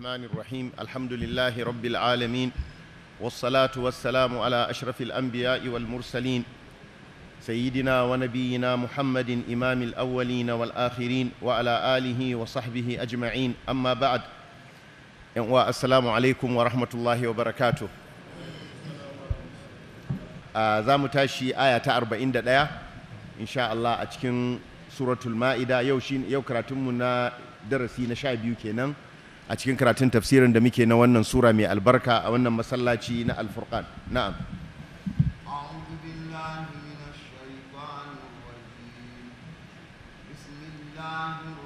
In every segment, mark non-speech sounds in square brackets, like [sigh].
الرحمن الرحيم الحمد لله رب العالمين والصلاة والسلام على أشرف الأنبياء والمرسلين سيدنا ونبينا محمد إمام الأولين والآخرين وعلى آله وصحبه أجمعين أما بعد السلام عليكم ورحمة الله وبركاته za mu tashi aya ta 41 insha Allah a cikin suratul ma'ida yau karatunmu na darasi na 12 kenan a cikin karatun tafsirin da muke na wannan sura mai albarka a wannan masallaci na al-furqan na'am minash bismillahir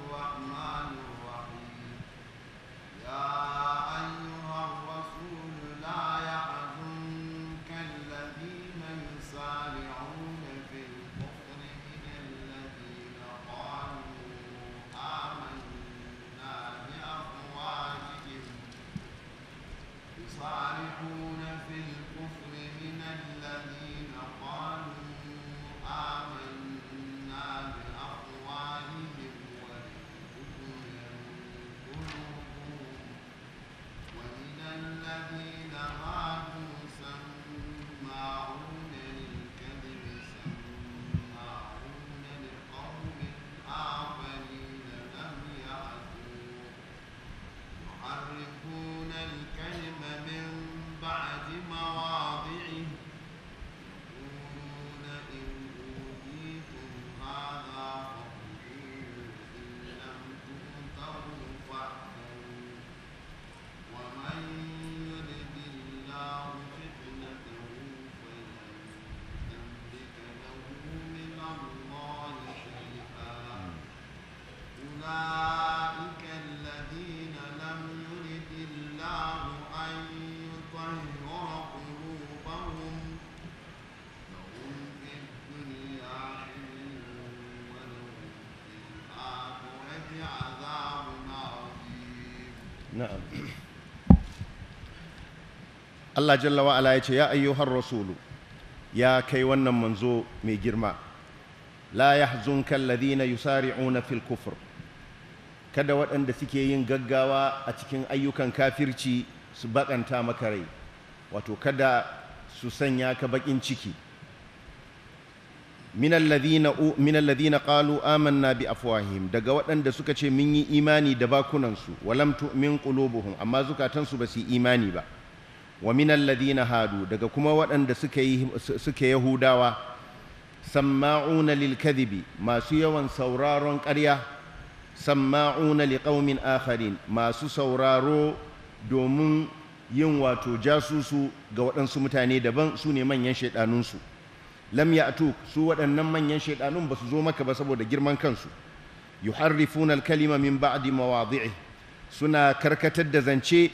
Allah jalla wa ya ce ya ayyuhar rasulu ya kai wannan manzo mai girma la yahzunka alladhina yusari'una fil kufr kada waɗanda suke yin gaggawa a cikin ayyukan kafirci su bakanta maka rai wato kada su sanya ka bakin ciki min alladhina qalu amanna bi afwahihim daga waɗanda suka ce mun yi imani da bakunansu walam tu'min qulubuhum amma zukatansu ba su yi imani ba wa minal ladina hadu daga kuma waɗanda suke suke yahudawa samma'una lil kadhibi masu yawan sauraron ƙarya samma'una liqaumin akharin masu sauraro domin yin wato jasusu ga waɗansu mutane daban su ne manyan shaidanunsu lam ya'tu su waɗannan manyan shaidanun ba su zo maka ba saboda girman kansu yuharrifuna al-kalima min ba'di mawadhi'i suna karkatar da zance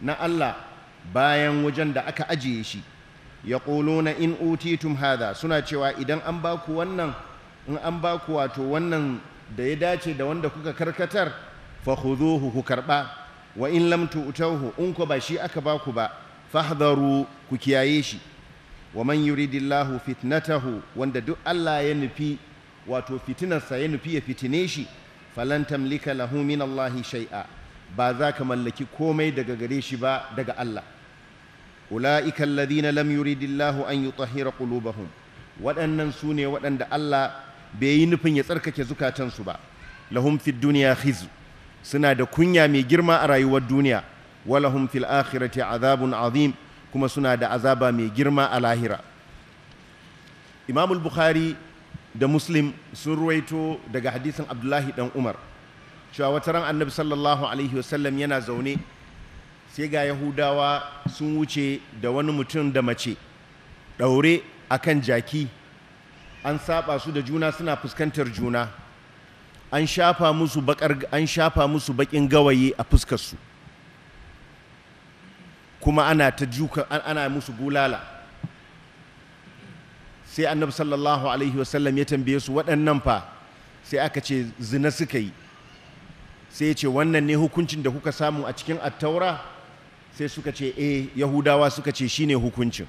na Allah bayan wajen da aka ajiye shi ya na in utitum hada suna cewa idan an ba ku wannan in an ba ku wato wannan da ya dace da wanda kuka karkatar fa khudhuhu ku karba wa in lam tu'tahu in ku ba shi aka ba ku ba fahdharu ku kiyaye shi wa man yuridillahu fitnatahu wanda duk Allah ya nufi wato fitinarsa ya nufi ya fitine shi falan tamlika lahu min Allah shay'a ba za ka mallaki komai daga gare shi ba daga Allah أولئك الذين لم يريد الله أن يطهر قلوبهم waɗannan su ne waɗanda Allah bai yi nufin ya tsarkake zukatansu ba lahum fid duniya khizu suna da kunya mai girma a rayuwar duniya walahum fil akhirati azabun azim kuma suna da azaba mai girma a lahira Imamul bukhari da Muslim sun ruwaito daga hadisin Abdullahi dan Umar cewa wata Annabi sallallahu alaihi wasallam yana zaune sai ga yahudawa sun wuce da wani mutum da mace ɗaure a kan jaki an saba su da juna suna fuskantar juna an shafa musu bakar an shafa musu bakin gawayi a fuskarsu kuma ana ta juka ana musu bulala sai annabi sallallahu alaihi wasallam ya tambaye su waɗannan fa sai aka ce zina suka yi sai ya ce wannan ne hukuncin da kuka samu a cikin attaura sai suka ce eh yahudawa suka ce shine hukuncin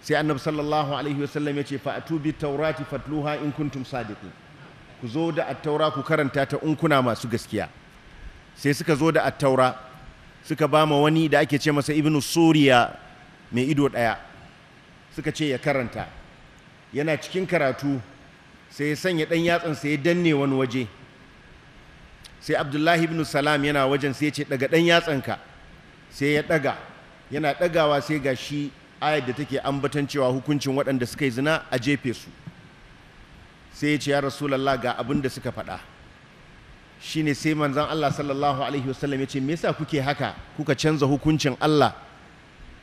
sai annabi sallallahu alaihi wasallam ya ce fa'atu bi taurati fatluha in kuntum sadiqin ku zo da attaura ku karanta ta in kuna masu gaskiya sai suka zo da attaura suka ba ma wani da ake ce masa ibnu suriya mai ido ɗaya suka ce ya karanta yana cikin karatu sai ya sanya ɗan sai ya danne wani waje sai abdullahi ibn salam yana wajen sai ya ce daga ɗan yatsanka sai ya ɗaga yana ɗagawa sai ga shi ayar da take ambatan cewa hukuncin waɗanda suka yi zina a jefe su sai ya ce ya rasulallah ga abin da suka faɗa shine sai manzan Allah sallallahu alaihi wasallam ya ce me yasa kuke haka kuka canza hukuncin Allah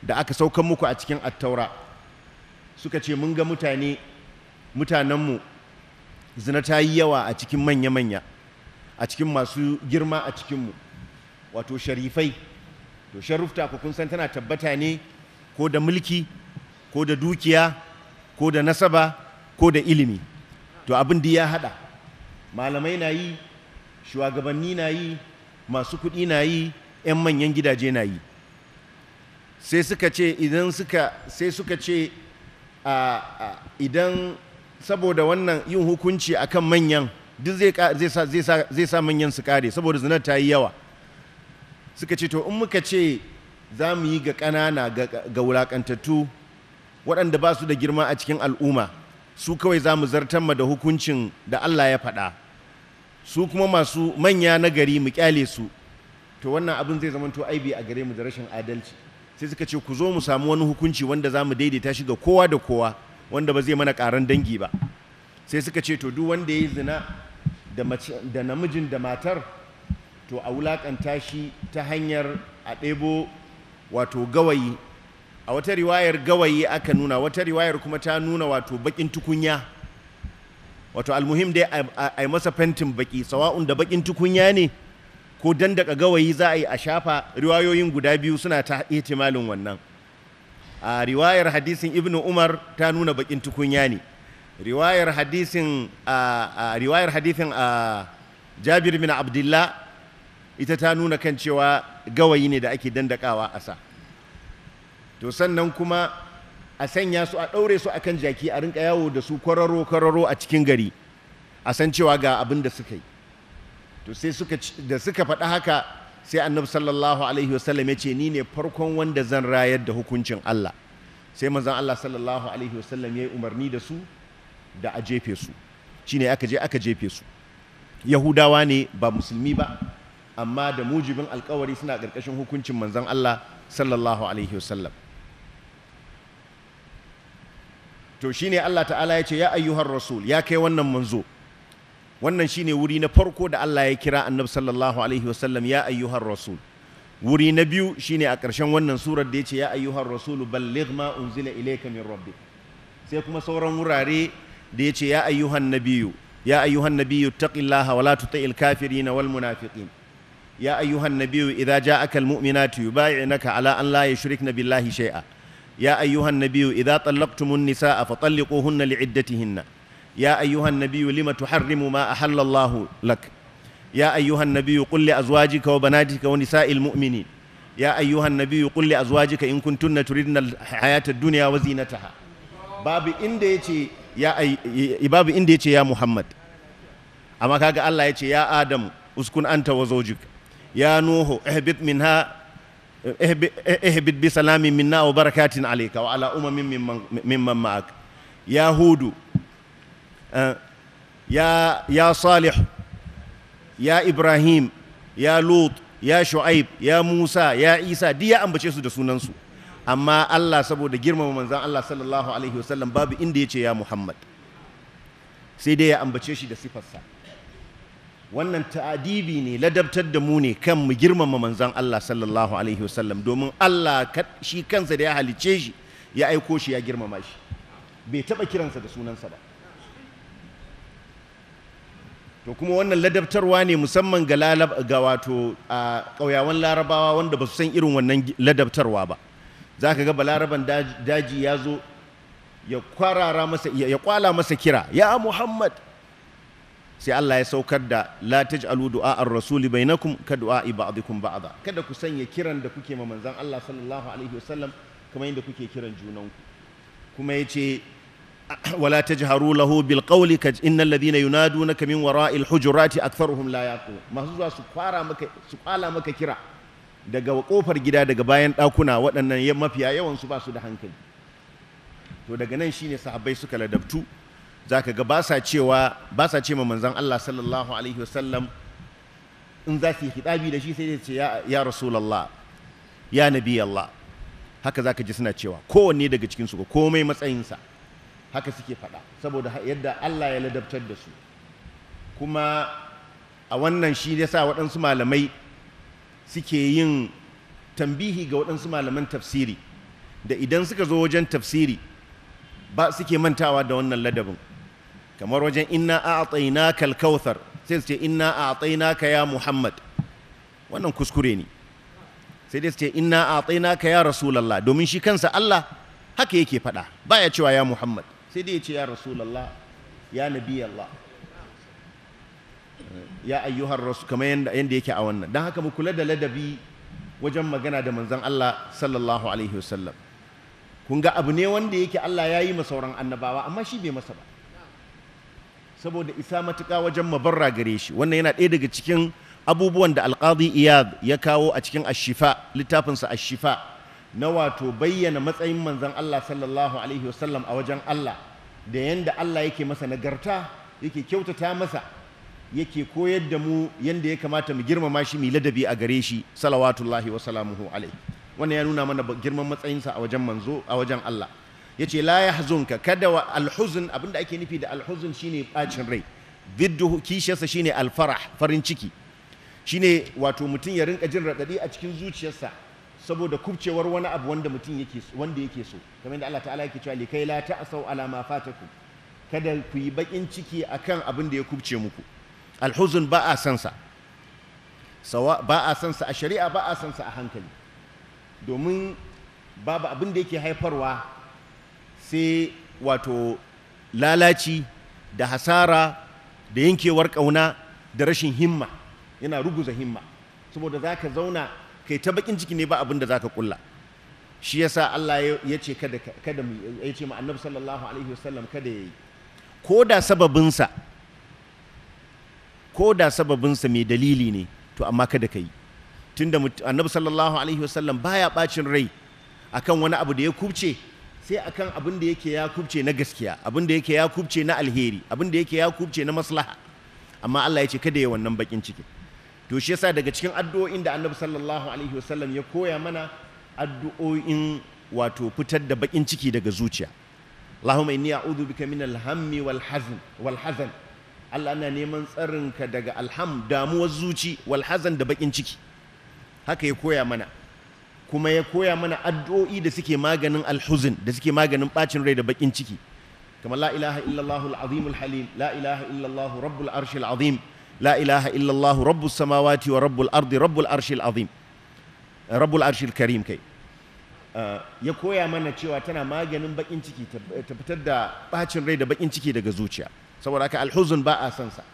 da aka saukan muku a cikin attaura suka ce mun ga mutane mutanenmu zina ta yi yawa a cikin manya-manya a cikin masu girma a cikinmu wato sharifai to sharufta ku kun san tana tabbata ne ko da mulki ko da dukiya ko da nasaba ko da ilimi to abin da ya hada malamai na yi shugabanni na yi masu kuɗi na yi 'yan manyan gidaje na yi sai suka ce idan suka sai suka ce idan saboda wannan yin hukunci akan manyan duk zai sa manyan su kare saboda zinar ta yi yawa suka ce to in muka ce za mu yi ga ƙanana ga wulaƙantattu waɗanda ba su da girma a cikin al'umma su kawai za mu zartar da hukuncin da Allah ya faɗa su kuma masu manya na gari mu kyale su to wannan abin zai zama to aibi a gare mu da rashin adalci sai suka ce ku zo mu samu wani hukunci wanda za mu daidaita shi ga kowa da kowa wanda ba zai mana karan dangi ba sai suka ce to duk wanda ya yi zina da namijin da matar to a wulakanta shi ta hanyar a ɗebo wato gawayi a wata riwayar gawayi aka nuna wata riwayar kuma ta nuna wato baƙin tukunya wato almuhim dai a yi masa fentin baƙi sawa'un da bakin tukunya ne ko dandaka gawayi za a yi a shafa riwayoyin guda biyu suna ta ihtimalin wannan a riwayar hadisin ibnu umar ta nuna baƙin tukunya ne riwayar a riwayar hadisin a jabir bin abdullah ita ta nuna kan cewa gawayi ne da ake dandakawa a sa to sannan kuma a sanya su a ɗaure su a kan jaki a rinka yawo da su kwararo kwararo a cikin gari a san cewa ga abin da suka yi to sai suka da suka faɗa haka sai annabi sallallahu alaihi wasallam ya ce ni ne farkon wanda zan rayar da hukuncin Allah sai manzon Allah sallallahu alaihi wasallam ya umarni da su da a jefe su shine aka je aka jefe su yahudawa ne ba musulmi ba amma da mujibin alkawari suna ƙarƙashin hukuncin manzon Allah sallallahu alaihi wasallam to shine Allah ta'ala ya ce ya ayyuhar rasul ya kai wannan manzo wannan shine wuri na farko da Allah ya kira annab sallallahu alaihi wasallam ya ayyuhar rasul wuri na biyu shine a ƙarshen wannan surar da ya ce ya ayyuhar rasul balligh ma unzila ilayka min rabbik sai kuma sauran wurare da ya ce ya ayyuhan nabiyyu ya ayyuhan nabiyyu taqillaha wa la tuti'il kafirin wal munafiqin ya ayyuhan nabiyyu idza ja'aka almu'minatu yubay'unaka ala an la yushrikna billahi shay'a ya ayyuhan nabiyyu idza tallaqtumun nisaa fatalliquhunna li'iddatihinna ya ayyuhan nabiyyu lima tuharrimu ma ahalla Allahu lak ya ayyuhan nabiyyu qul li azwajika wa banatika wa nisa'il mu'minin ya ayyuhan nabiyyu qul li azwajika in kuntunna turidna al-hayata ad-dunya wa zinataha babu inda yace ya babu Muhammad amma kaga Allah ya Adam uskun anta wa ya nuhu barakatin alayka ya hudu ya salih ya ibrahim ya lut ya shu'aib ya musa ya isa duk ya ambace da sunansu amma Allah saboda girmama manzan Allah sallallahu alaihi wasallam babu inda ya ce ya Muhammad sai dai ya ambace shi da sifarsa wannan ta'adibi ne ladabtar da mu ne kan mu girmama manzon Allah sallallahu alaihi wasallam domin Allah shi kansa da ya halice shi ya aiko shi ya girmama shi bai taba kiransa da sunansa ba to kuma wannan ladabtarwa ne musamman ga wato a ƙauyawan larabawa wanda ba su san irin wannan ladabtarwa ba za ka ga balaraban daji ya zo ya kwarara masa ya kwala masa kira ya muhammad sai Allah ya saukar da la taj'alu du'a ar-rasuli bainakum ka du'a ba'dikum ba'da kada ku sanya kiran da kuke ma manzon Allah sallallahu alaihi wasallam kamar yadda kuke kiran junanku kuma yace wala tajharu lahu bil qawli ka innal ladhina yunadunaka min wara'il hujurati aktharuhum la yaqul masu zuwa su fara maka su kala maka kira daga kofar gida daga bayan dakuna waɗannan mafiya yawan su ba su da hankali to daga nan shine sahabbai suka ladabtu za ka ga ba sa cewa ba sa ce ma manzan Allah sallallahu alaihi wasallam in za su yi hidabi da shi sai ya ce ya rasulallah ya nabi Allah haka za ka ji suna cewa kowanne daga cikinsu ko komai matsayinsa haka suke faɗa saboda yadda Allah ya ladabtar da su kuma a wannan shi ya sa waɗansu malamai suke yin tambihi ga waɗansu malaman tafsiri da idan suka zo wajen tafsiri ba suke mantawa da wannan ladabin kamar wajen inna a'tainaka al-kautsar sai su ce inna ka ya muhammad wannan kuskure ne sai dai su ce inna ka ya Rasulallah domin shi kansa Allah haka yake faɗa ba baya cewa ya muhammad sai dai ya ce ya Rasulallah ya nabi Allah ya ayyuhar rasul kamar yadda yake a wannan don haka mu kula da ladabi wajen magana da manzon Allah sallallahu alaihi wasallam kun ga abu ne wanda yake Allah ya yi masauran annabawa amma shi bai masa ba saboda isa matuka wajen mabarra gare shi wannan yana ɗaya daga cikin abubuwan da alƙadi iya ya kawo a cikin ashifa littafinsa ashifa na wato bayyana matsayin manzon Allah sallallahu alaihi wasallam a wajen Allah da yanda Allah yake masa nagarta yake kyautata masa yake koyar da mu yadda ya kamata mu girmama shi mu ladabi a gare shi salawatullahi wa salamuhu alaihi wannan ya nuna mana girman matsayinsa a wajen a wajen Allah yace la ya yahzunka kada wa alhuzun abinda ake nufi da alhuzun shine bacin rai vidu kishiyarsa shine alfarah farin ciki shine wato mutum ya rinka jin raɗaɗi a cikin zuciyarsa saboda kubcewar wani abu wanda mutum yake wanda yake so kamar da Allah ta'ala yake cewa kai la ta'asau ala ma fataku kada ku yi bakin ciki akan abin da ya kubce muku alhuzun ba a san ba a san a shari'a ba a san a hankali domin babu abin da yake haifarwa sai wato lalaci da hasara da yankewar ƙauna da rashin himma yana ruguza himma saboda za ka zauna kai ta bakin ciki ne ba abin da za ka ƙulla shi ya sa Allah ya ce kada mu ya ce mu sallallahu alaihi wasallam kada yi ko da sababinsa ko da sababinsa mai dalili ne to amma kada ka yi tun da annabi sallallahu alaihi wasallam baya bacin rai akan wani abu da ya kubce sai akan abin da yake ya kubce na gaskiya abin da yake ya kubce na alheri abin da yake ya kubce na maslaha amma Allah ya ce kada ya wannan bakin ciki to shi yasa daga cikin addu'o'in da Annabi sallallahu alaihi wasallam ya koya mana addu'o'in wato fitar da bakin ciki daga zuciya Allahumma inni a'udhu bika min al-hammi wal hazn wal hazan Allah na neman tsarinka daga alham damuwar zuci wal hazan da bakin ciki haka ya koya mana kuma ya koya mana addu'o'i da suke maganin alhuzun da suke maganin bacin rai da bakin ciki kamar la ilaha illallah al-azim la ilaha illallah rabbul arshi alazim la ilaha illallah rabbus samawati wa rabbul ardi rabbul arshi alazim rabbul arshi karim kai eh, ya koya mana cewa tana maganin bakin ciki ta fitar da bacin rai da bakin ciki daga zuciya saboda haka alhuzun ba a san sa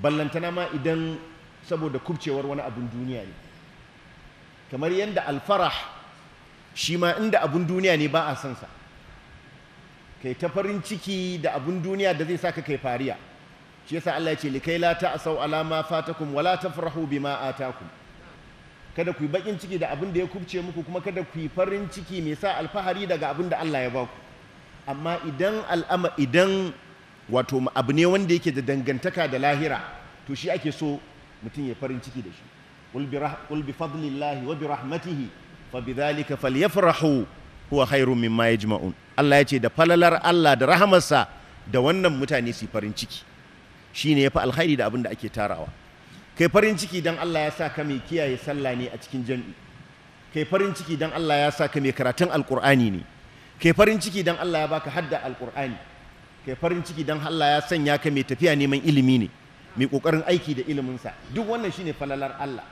ballantana ma idan saboda kubcewar wani abin duniya ne kamar yadda alfarah shi ma inda abun duniya ne ba a son sa kai ta farin ciki da abun duniya da zai saka kai fariya shi yasa Allah ya ce likai la ta'sau ala ma fatakum wa tafrahu bima atakum kada ku yi bakin ciki da abin da ya kubce muku kuma kada ku yi farin ciki mai sa alfahari daga abin da Allah ya ba ku amma idan al'ama idan wato abu ne wanda yake da dangantaka da lahira to shi ake so mutum ya farin ciki da shi qul fadlillahi wa bi rahmatihi fa bidhalika falyafrahu huwa khairum mimma yajma'un Allah ya ce da falalar Allah da rahamarsa da wannan mutane suyi farin ciki shine yafi alkhairi da abin da ake tarawa kai farin ciki dan Allah ya sa ka mai kiyaye sallah ne a cikin jami'i kai farin ciki dan Allah ya sa ka mai karatun alqur'ani ne kai farin ciki dan Allah ya baka hadda alqur'ani kai farin ciki dan Allah ya sanya ka mai tafiya neman ilimi ne mai kokarin aiki da iliminsa duk wannan shine falalar Allah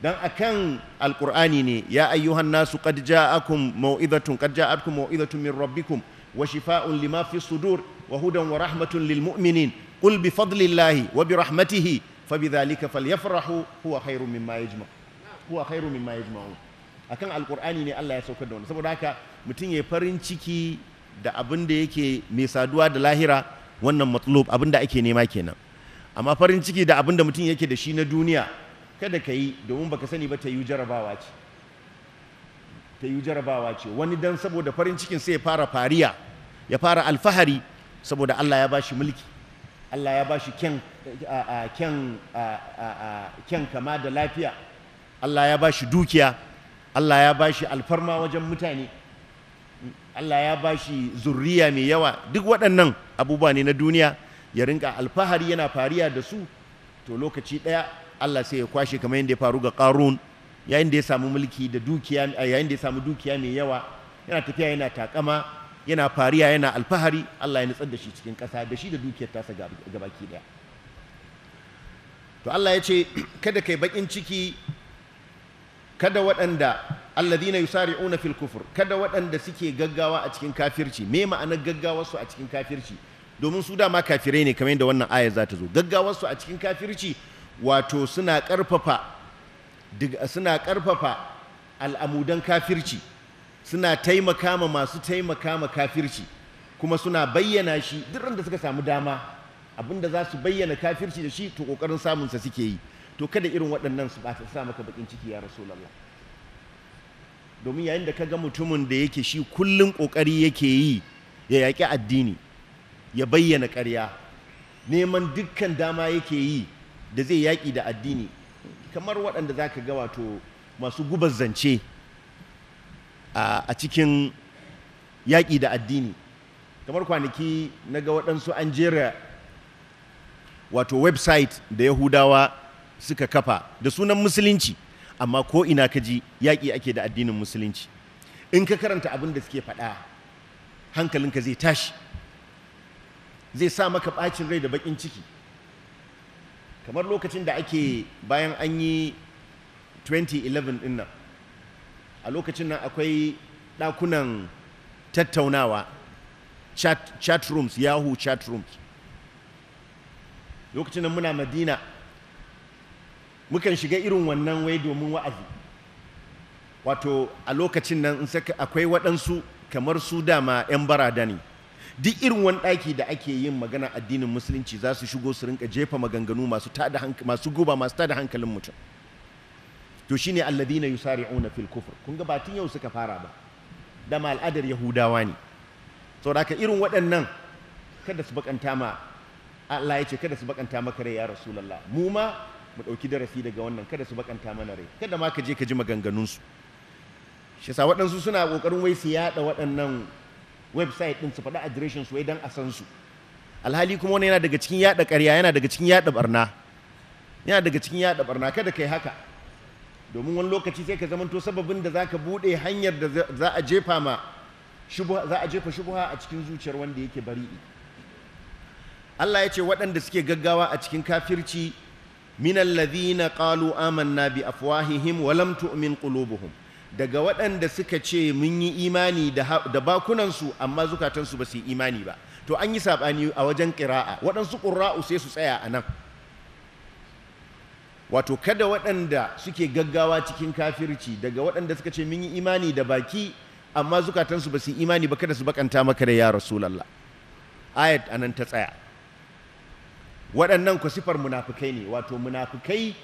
dan akan alqur'ani ne ya ayyuhan nasu qad ja'akum mau'izatun qad ja'atkum mau'izatun min rabbikum wa shifaa'un lima fi sudur wa hudan wa rahmatun lil mu'minin qul bi fadlillahi wa bi rahmatihi fabidhalika falyafrahu huwa khairum mimma yajma huwa khairum mimma yajma'un akan alqur'ani ne Allah ya sauka da wannan saboda haka mutum ya farin ciki da abin da yake mai saduwa da lahira wannan matlub abin da ake nema kenan amma farin ciki da abin da mutum yake da shi na duniya kada ka yi domin baka sani ba ta yi jarabawa ce ta yi jarabawa ce wani dan saboda farin cikin sai ya fara fariya ya fara alfahari saboda Allah ya bashi mulki Allah ya bashi kyan kama da lafiya Allah ya bashi dukiya Allah ya bashi alfarma wajen mutane Allah ya bashi zurriya mai yawa duk waɗannan abubuwa ne na duniya ya rinka alfahari yana fariya da su to lokaci ɗaya Allah sai ya kwashe kamar yadda ya faru ga ƙarun yayin da ya samu mulki da dukiya yayin da ya samu dukiya mai yawa yana tafiya yana takama yana fariya yana alfahari Allah ya nutsar da shi cikin ƙasa da shi da dukiyar tasa gabaki daya to Allah ya ce [clears throat] kada kai bakin ciki kada waɗanda alladhina yusari'una fil kufur kada waɗanda suke gaggawa a cikin kafirci me ma'anar gaggawar su a cikin kafirci domin su dama kafirai ne kamar yadda wannan aya za ta zo gaggawar su a cikin kafirci wato suna ƙarfafa suna ƙarfafa al'amudan kafirci suna taimaka ma masu taimaka ma kafirci kuma suna bayyana shi duk da suka samu dama abinda za su bayyana kafirci da shi to ƙoƙarin sa suke yi to kada irin waɗannan su ba sa maka bakin ciki ya rasulullah domin yayin da ka ga mutumin da yake shi kullum ƙoƙari yake yi ya yaƙi addini ya bayyana ƙarya neman dukkan dama yake yi da zai yaƙi da addini kamar waɗanda za ka ga wato masu gubar zance a cikin yaƙi da addini kamar kwanaki na ga waɗansu an jera wato website da yahudawa suka kafa da sunan musulunci amma ko ina ka ji yaƙi ake da addinin musulunci in ka karanta abin da suke faɗa hankalinka zai tashi zai sa maka ɓacin rai da baƙin ciki kamar lokacin da ake bayan an yi 2011 dinnan a lokacin nan akwai ɗakunan tattaunawa chat, chat rooms yahoo chat rooms lokacin nan muna madina mukan shiga irin wannan wai domin wa'azi wato a lokacin nan akwai waɗansu kamar su dama 'yan barada ne duk irin wani ɗaki da ake yin magana addinin musulunci za su shigo su rinka jefa maganganu masu guba masu tada hankalin mutum to shi ne shine alladhina auna fil kufur kun ga batun yau suka fara ba dama al'adar yahudawa ne saboda irin waɗannan kada su bakanta ma Allah ya ce kada su bakanta maka rai ya rasulullah mu ma mu ɗauki darasi daga wannan kada su bakanta mana rai kada ma ka je ka ji maganganunsu shi sa waɗansu suna ƙoƙarin wai su yaɗa waɗannan website din su faɗi adireshin su idan a san su alhali kuma wani yana daga cikin yaɗa ƙarya yana daga cikin yaɗa barna yana daga cikin yaɗa barna kada kai haka domin wani lokaci sai ka zamanto sababin da za ka buɗe hanyar da za a jefa ma za a jefa shubuha a cikin zuciyar wanda yake bari. Allah ya ce waɗanda suke gaggawa a cikin kafirci min alladhina qalu amanna bi afwahihim wa lam tu'min qulubuhum daga waɗanda suka ce mun yi imani da bakunansu amma zukatansu ba su yi imani ba to an yi saɓani a wajen ƙira'a waɗansu ƙura'u sai su tsaya a nan wato kada waɗanda suke gaggawa cikin kafirci daga waɗanda suka ce mun yi imani da baki amma zukatansu ba su yi imani ba kada su bakanta maka da ya rasulallah ayat anan ta tsaya waɗannan ku sifar munafukai ne wato munafukai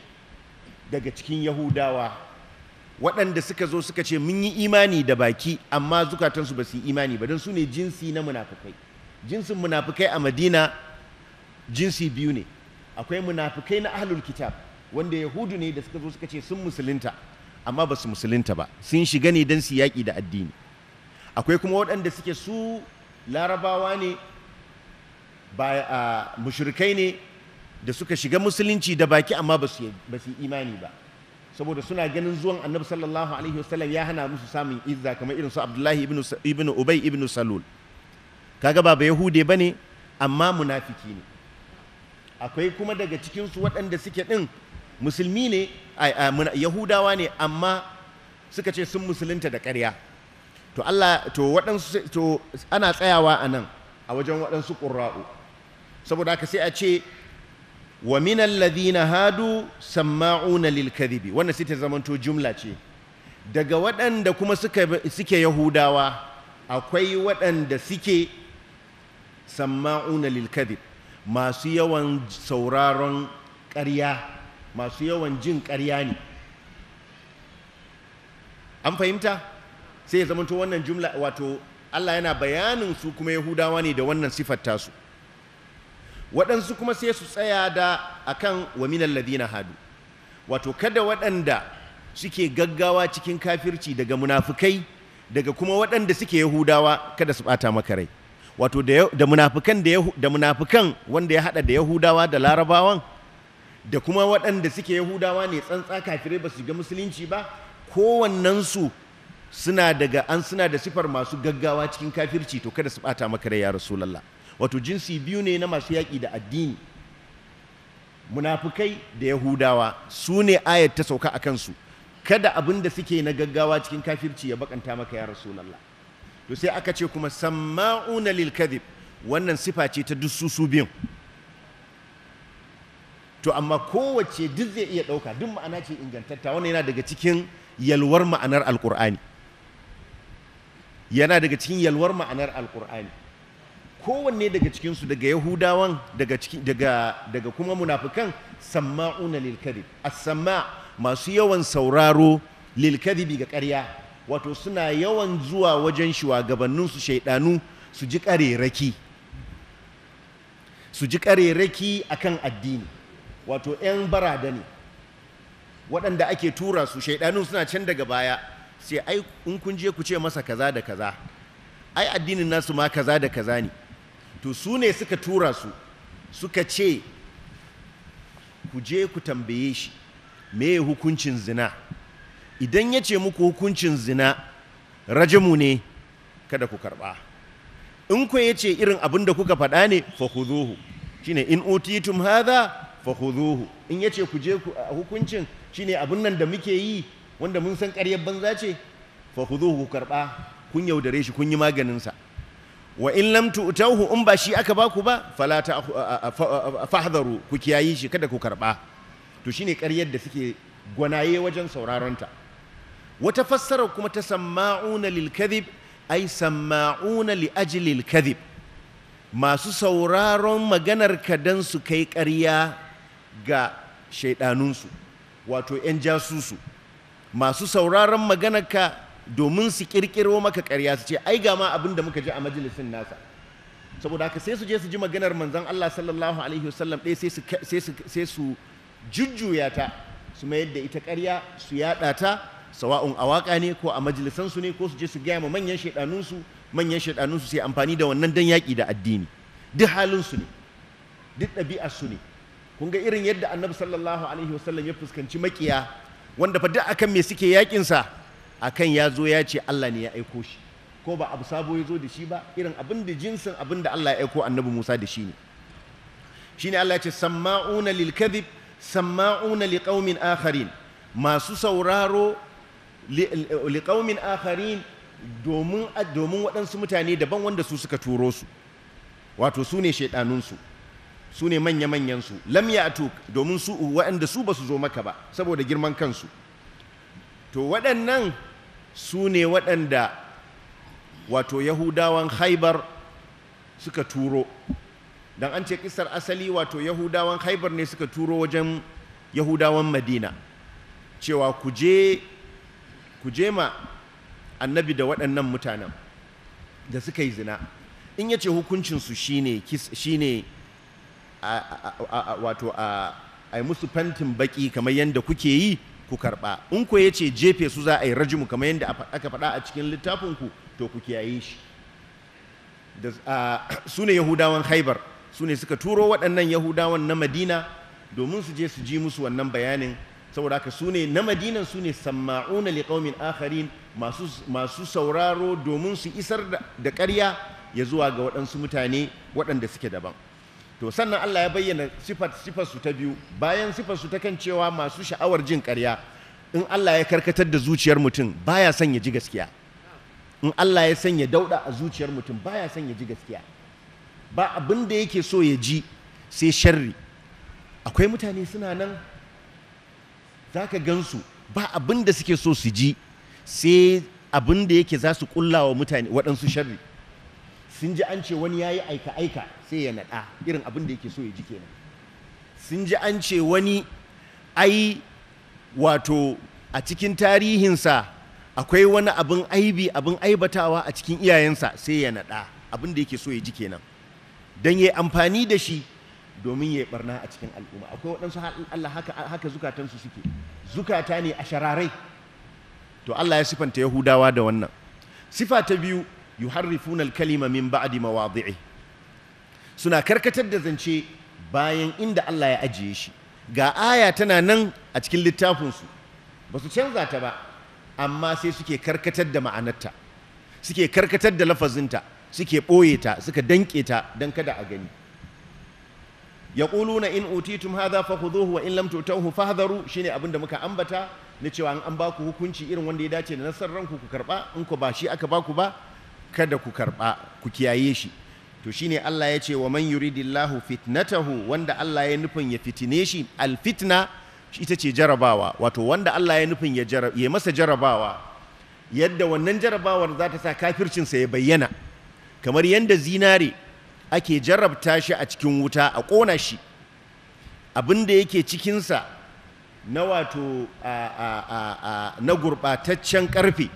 daga cikin yahudawa waɗanda suka zo suka ce mun yi imani da baki amma zukatansu ba su yi imani ba don su ne jinsi na munafukai jinsin munafukai a madina jinsi biyu ne akwai munafukai na ahlul kitab wanda yahudu ne da suka zo suka ce sun musulunta amma ba su musulunta ba sun shiga ne don su yaƙi da addini akwai kuma waɗanda suke su larabawa ne ba mushrikai ne da suka shiga musulunci da baki amma ba su yi imani ba saboda suna ganin zuwan annabi sallallahu alaihi wasallam ya hana musu samun izza kamar irin su abdullahi ibn ubay ibn salul kaga ba yahude bane amma munafiki ne akwai kuma daga cikin su waɗanda suke din musulmi ne yahudawa ne amma suka ce sun musulunta da ƙarya to Allah to waɗansu to ana tsayawa anan a wajen waɗansu ƙurra'u saboda haka sai a ce wa minal ladhina hadu sama'una lil kadhibi wannan sai ta to jumla ce daga waɗanda kuma suke yahudawa akwai waɗanda suke sama'una lil kadhib masu yawan sauraron ƙarya masu yawan jin ƙarya ne an fahimta sai ya to wannan jumla wato Allah yana bayanin su kuma yahudawa ne da wannan sifar tasu su waɗansu kuma sai su tsaya da a akan waminan ladina hadu wato kada waɗanda suke gaggawa cikin kafirci daga munafukai daga kuma waɗanda suke yahudawa kada su ɓata maka rai wato da munafukan wanda ya haɗa da yahudawa da larabawan da kuma waɗanda suke yahudawa ne tsantsa kafirai ba su ga musulunci ba kowannensu suna daga an suna da siffar masu gaggawa cikin kafirci to kada su ɓata maka rai ya rasulallah wato jinsi biyu ne na masu yaƙi da addini munafukai da yahudawa su ne ayat ta sauka a kansu kada abin da suke na gaggawa cikin kafirci ya bakanta maka ya rasulallah to sai aka ce kuma samma'una lil kadhib wannan sifa ce ta duk biyun to amma kowace duk zai iya ɗauka duk ma'ana ce ingantatta wannan yana daga cikin yalwar ma'anar alƙur'ani yana daga cikin yalwar ma'anar alƙur'ani kowanne daga cikinsu daga yahudawan daga kuma munafukan, samma'una lil kadhib as samma masu yawan sauraro lil ga ƙarya wato suna yawan zuwa wajen shugabannin su shaidanu su ji ƙareraki su ji ƙareraki akan addini wato 'yan barada ne waɗanda ake tura su shaidanun suna can daga baya sai ai in kun je ku ce masa kaza da kaza ai addinin nasu ma kaza da kaza ne to su ne suka tura su suka ce ku je ku tambaye shi me hukuncin zina idan ya ce muku hukuncin zina rajamu ne kada ku karba in ku ya ce irin abin da kuka faɗa ne fahuzuhu shine in utitum haza fahuzuhu in ya ce ku je ku hukuncin shine abin nan da muke yi wanda mun san ƙaryar banza ce fahuzuhu ku karba kun yaudare shi kun yi maganinsa wa in lam tu'tahu in ba shi aka baku ba fala ta uh, uh, uh, fahdharu ku kiyayi shi kada ku karba to shine ƙaryar da suke gwanaye wajen sauraron ta wata fassarar kuma ta sama'una lil kadhib ai sama'una li ajli al kadhib masu sauraron maganar ka dan su kai ƙarya ga su wato 'yan jasusu masu sauraron maganar ka domin su kirkiro maka ƙarya su ce ai gama abin da muka ji a majalisin nasa saboda haka sai su je su ji maganar manzon Allah sallallahu alaihi wasallam ɗaya sai su sai su jujjuya ta su mayar da ita ƙarya su yaɗa ta sawa'un a waka ne ko a majalisan su ne ko su je su gaya ma manyan shaidanun su manyan shaidanun su sai amfani da wannan dan yaƙi da addini duk halin su ne duk ɗabi'ar su ne kun ga irin yadda annabi sallallahu alaihi wasallam ya fuskanci makiya wanda fa duk akan me suke yaƙin sa akan ya zo ya ce Allah ne ya aiko shi ko ba abu sabo ya zo da shi ba irin abin da jinsin abin da Allah ya aiko annabi Musa da shi ne shine Allah ya ce sama'una lil kadhib sama'una liqaumin akharin masu sauraro liqaumin akharin domin domin waɗansu mutane daban wanda su suka turo su wato su ne shaidanunsu su ne manya-manyansu lam ya'tuk domin su waɗanda su ba su zo maka ba saboda girman kansu to waɗannan su ne waɗanda wato yahudawan haibar suka turo don an ce kisar asali wato yahudawan haibar ne suka turo wajen yahudawan madina cewa ku je ma annabi da waɗannan mutanen da suka yi zina in yace hukuncinsu shi ne wato a musu fantin baƙi kamar yadda kuke yi ku karɓa in ku ya ce jefe su za a yi rajimu kamar yadda aka faɗa a cikin littafinku to ku kiyaye shi [clears throat] su ne yahudawan haibar su ne suka turo waɗannan yahudawan na madina domin su je su ji musu wannan bayanin saboda haka su ne na madinan su ne sama'una liƙaumin akharin masu sauraro domin su isar da ƙarya ya zuwa ga waɗansu mutane waɗanda suke daban to sannan Allah ya bayyana sifar sifar su ta biyu bayan sifar su ta kan cewa masu sha'awar jin ƙarya in Allah ya karkatar da zuciyar mutum baya son ya ji gaskiya in Allah ya sanya dauda a zuciyar mutum baya son ya ji gaskiya ba abin da yake so ya ji sai sharri akwai mutane suna nan za ka gansu ba abin da suke so su ji sai abin da yake za su kullawa wa mutane waɗansu sharri sun ji an ce wani ya yi aika-aika sai ya naɗa irin abin da yake so ya ji kenan sun ji an ce wani ai wato a cikin tarihinsa akwai wani abin aibi abin aibatawa a cikin iyayensa sai ya naɗa abin da yake so ya ji kenan don ya amfani da shi domin ya yi barna a cikin al'umma akwai waɗansu Allah haka, zukatansu suke zukata ne a shararai to Allah ya sifanta yahudawa da wannan sifa ta biyu yuharrifuna al-kalima min ba'di mawadhi'i suna karkatar da zance bayan inda Allah ya ajiye shi ga aya tana nan a cikin littafinsu ba su canza ta ba amma sai suke karkatar da ma'anarta suke karkatar da lafazinta suke ɓoye ta suka danƙe ta don kada a gani na in utitum hadha fakhudhuhu wa in lam tutawhu fahdharu shine abin da muka ambata na cewa an ba ku hukunci irin wanda ya dace da nasarar ranku ku karba in ku ba shi aka ba ku ba kada ku karba ku kiyaye shi to shine Allah ya ce wa man yuridillahu fitnatahu wanda Allah ya nufin ya fitine shi alfitna ita ce jarabawa wato wanda Allah ya nufin ya masa jarabawa yadda wannan jarabawar za ta sa kafircinsa ya bayyana kamar yadda zinare ake jarabta shi a cikin wuta a ƙona shi abin da yake cikinsa na wato na gurɓataccen karfe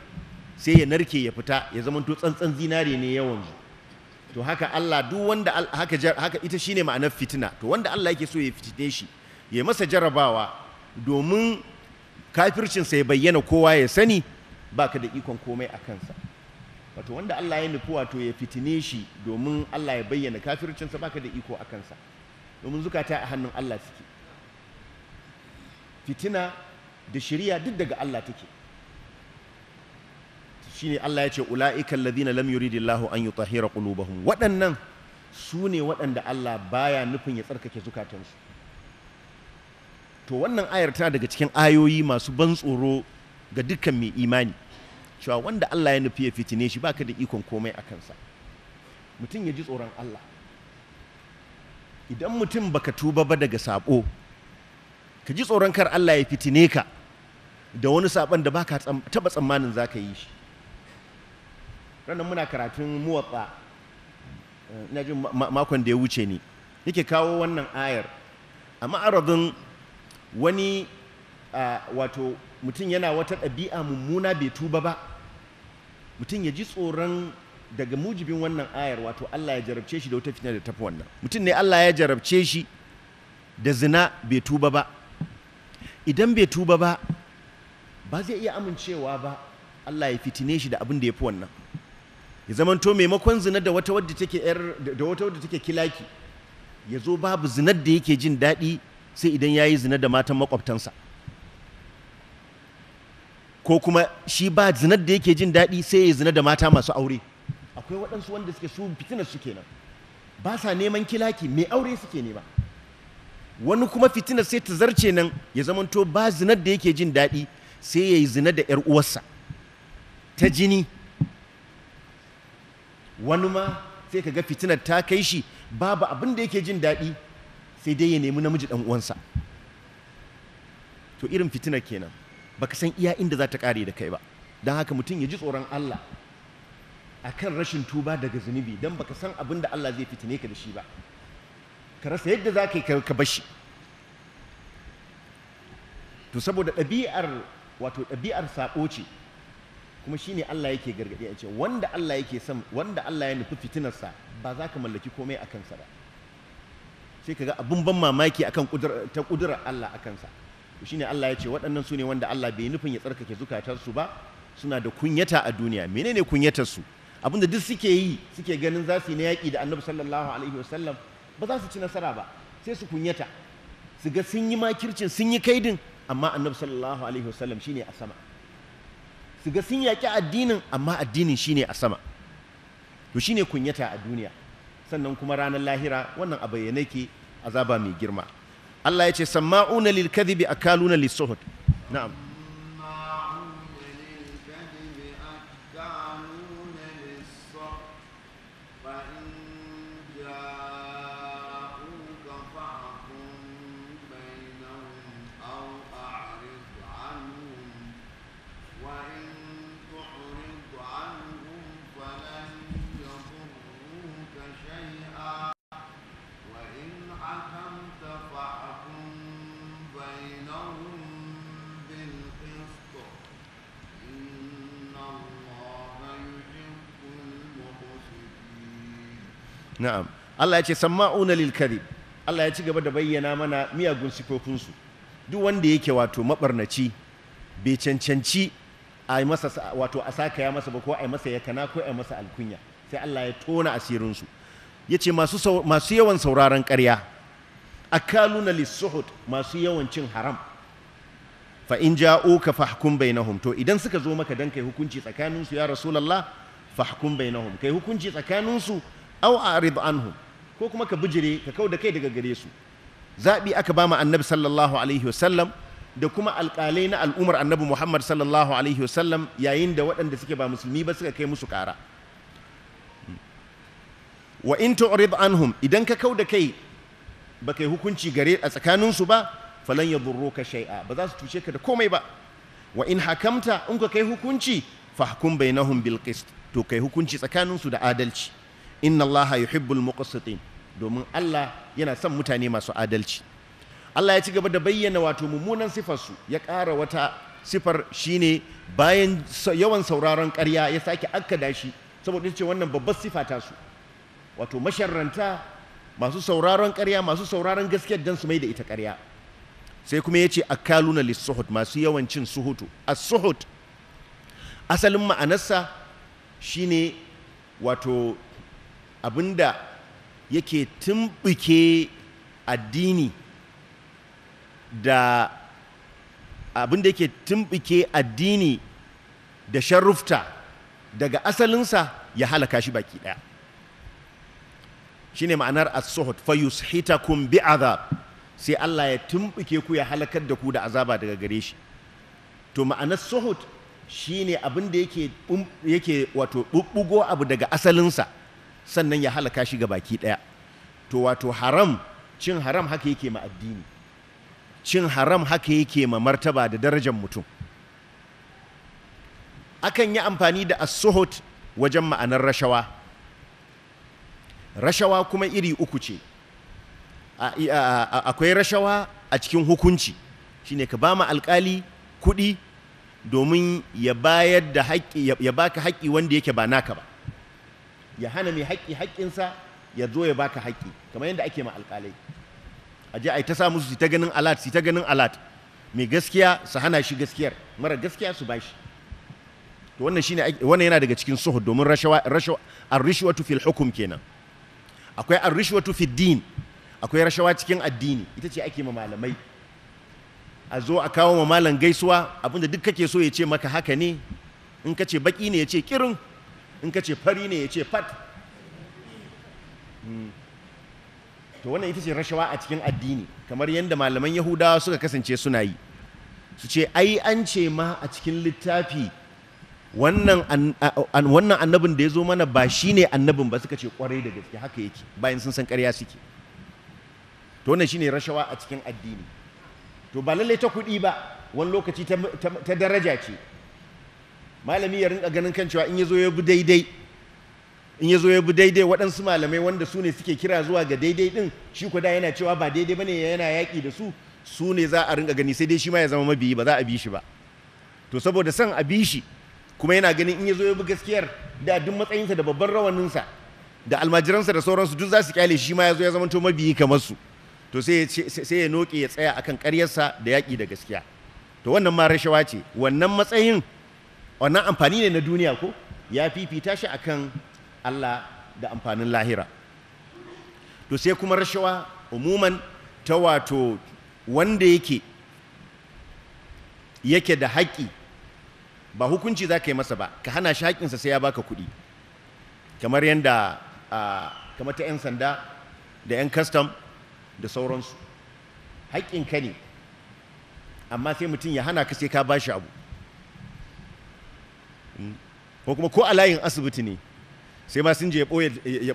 sai ya narke ya fita ya zama to tsantsan zinare ne yawan to haka Allah duk wanda haka haka ita shine ma'anar fitina to wanda Allah yake so ya fitine shi ya masa jarabawa domin kafircin sa ya bayyana kowa ya sani baka da ikon komai a kansa wato wanda Allah ya nufi wato ya fitine shi domin Allah ya bayyana kafircin sa baka da iko a kansa domin zukata a hannun Allah suke fitina da shari'a duk daga Allah take shine Allah ya ce ula'ika alladhina lam yuridillahu an yutahhira qulubahum waɗannan su ne waɗanda Allah baya nufin ya tsarkake zukatansu to wannan ayar ta daga cikin ayoyi masu ban tsoro ga dukkan mai imani cewa wanda Allah ya nufi ya fitine shi baka da ikon komai a kansa mutum ya ji tsoron Allah idan mutum baka tuba ba daga sabo ka ji tsoron kar Allah ya fitine ka da wani saban da baka taɓa tsammanin za ka yi shi ranar muna karatun muwatsa eh, na jin makon da ya wuce ni yake kawo wannan ayar a ma'arabin wani wato mutum yana wata ɗabi'a mummuna bai tuba ba mutum ya ji tsoron daga mujibin wannan ayar wato Allah ya jarabce shi da wata fitina da tafi wannan mutum ne Allah ya jarabce shi da zina bai tuba ba idan bai tuba ba ba zai iya amincewa ba Allah ya fitine shi da abin da ya fi wannan ya zamanto maimakon zinar da wata wadda take yar da wata wadda take kilaki ya zo babu zinar da yake jin daɗi sai idan ya yi zinar da matan makwabtansa ko kuma shi ba zinar da yake jin daɗi sai ya zina da mata masu aure akwai waɗansu wanda suke su fitinar su kenan ba sa neman kilaki mai aure suke nema wani kuma fitinar sai ta zarce nan ya zamanto ba zinar da yake jin daɗi sai ya yi zina da 'yar uwarsa ta jini wani ma sai ka ga fitinar ta kai shi babu abin da yake jin daɗi sai dai ya nemi namiji ɗan uwansa to irin fitinar kenan baka san iya inda za ta ƙare da kai ba don haka mutum ya ji tsoron Allah akan rashin tuba daga zunubi don baka san abin da Allah zai fitine ka da shi ba ka rasa yadda za ka yi ka bashi to saboda ɗabi'ar wato ɗabi'ar saɓo ce kuma shine Allah yake gargadi a ce wanda Allah yake son wanda Allah ya nufi fitinarsa ba za ka mallaki komai a kansa ba sai ka ga abin ban mamaki akan ta kudura Allah a kansa shine Allah ya ce waɗannan su ne wanda Allah bai nufin ya tsarkake zukatarsu ba suna da kunyata a duniya menene kunyatarsu abinda duk suke yi suke ganin za su yi na yaƙi da annabi sallallahu alaihi wasallam ba za su ci nasara ba sai su kunyata su ga sun yi makircin sun yi kaidin amma annabi sallallahu alaihi wasallam shine a sama su ga sun yaƙi addinin amma addinin shine a sama to shine kunyata a duniya sannan kuma ranar lahira wannan a bayyane ke azaba mai girma Allah ya ce sama'una lil kadhibi akaluna lis na'am na'am Allah ya ce sama'una lil kadhib Allah ya ci gaba da bayyana mana miyagun sifofinsu duk wanda yake wato mabarnaci bai cancanci a masa wato a saka ya masa ba ko a masa yakana ko a masa alkunya sai Allah ya tona asirin su yace masu, masu yawan sauraron ƙarya akaluna suhud masu yawan cin haram fa in ja'uka fahkum bainahum to idan suka zo maka dan kai hukunci tsakaninsu ya rasulullah fahkum bainahum kai hukunci tsakaninsu aw arid anhum ko kuma ka bijire ka da kai daga gare su zaɓi aka bama annabi sallallahu alaihi wasallam da kuma alƙalai na al'umar annabi muhammad sallallahu alaihi wasallam yayin da waɗanda suke ba musulmi ba suka kai musu ƙara wa in tu'rid anhum idan ka kauda kai ba kai hukunci gare a tsakaninsu ba falan yadurruka shai'a ba za su tushe ka da komai ba wa in hakamta in ka kai hukunci fahkum bainahum bil qist to kai hukunci tsakanin su da adalci inna allaha yuhibbul muqsitin domin Allah yana son mutane masu adalci Allah ya ci gaba da bayyana wato mummunan sifarsu ya ƙara wata sifar shine bayan yawan sauraron karya ya sake akkada shi saboda ce wannan babbar sifa ta su wato masharranta masu sauraron ƙarya masu sauraron gaskiyar dan su mai da ita karya sai kuma yace akaluna lisuhud masu yawan cin suhutu as-suhud asalin ma'anarsa shine wato abinda yake tumbuke addini da abinda yake tumbuke addini da sharufta daga asalinsa ya halaka shi baki ɗaya shine ma'anar as-suhud fayushitakum bi'adab sai Allah ya tumbuke ku ya halakar da ku da azaba daga gare shi to ma'anar suhud shine abin yake um, yake wato bubbugo abu daga asalinsa sannan ya halaka shi ga baki ɗaya to wato haram cin haram haka yake ma addini cin haram haka yake ma martaba da darajar mutum akan yi amfani da as wajen ma'anar rashawa rashawa kuma iri uku ce akwai rashawa a cikin hukunci shine ka ba ma alkali kuɗi domin ya bayar da haƙƙi ya baka haƙƙi wanda yake ba naka ba ya hana mai haƙƙi haƙƙinsa ya zo ya baka haƙƙi kamar yadda ake ma alƙalai a je ai ta sa musu ta ganin alat su ta ganin alat mai gaskiya su hana shi gaskiyar mara gaskiya su bashi to wannan shine wannan yana daga cikin suhud domin rashawa rashawa ar-rishwatu kenan akwai ar-rishwatu fid din akwai rashawa cikin addini ita ce ake ma malamai a zo a kawo ma malam gaisuwa abinda duk kake so ya ce maka haka ne in ka ce baki ne ya ce kirin in ka ce fari ne ya ce fat hmm. to wannan ita ce rashawa a cikin addini kamar yadda malaman yahudawa suka kasance suna yi su ce ai an ce ma a cikin littafi wannan annabin da ya zo mana ba shi ne annabin ba suka ce kwarai da gaske haka yake bayan sun san karya suke to wannan ne rashawa a cikin addini to ba lallai ta kuɗi ba wani lokaci ta daraja ce malami ya rinka ganin kan cewa in ya zo ya bi daidai in ya ya bi daidai waɗansu malamai wanda su ne suke kira zuwa ga daidai din shi ku da yana cewa ba daidai bane yana yaƙi da su su ne za a rinka gani sai dai shi ma ya zama mabiyi ba za a bi shi ba to saboda son a bi shi kuma yana ganin in ya zo ya bi gaskiyar da duk matsayinsa da babban rawaninsa da almajiransa da sauransu duk za su kyale shi ma ya zo ya zama to mabiyi kamar su to sai ya noke ya tsaya akan ƙaryarsa da yaƙi da gaskiya to wannan ma rashawa ce wannan matsayin wannan amfani ne na duniya ko ya fifita shi kan Allah da amfanin lahira to sai kuma rashawa umuman ta wato wanda yake yake da haƙƙi ba hukunci za ka yi masa ba ka hana shi haƙƙinsa sai ya baka kuɗi kamar yadda kamar ta 'yan sanda da 'yan kastam da sauransu haƙƙinka ne amma sai mutum ya hana ka sai ka ba shi abu ko kuma ko a layin asibiti ne sai ma sun je ya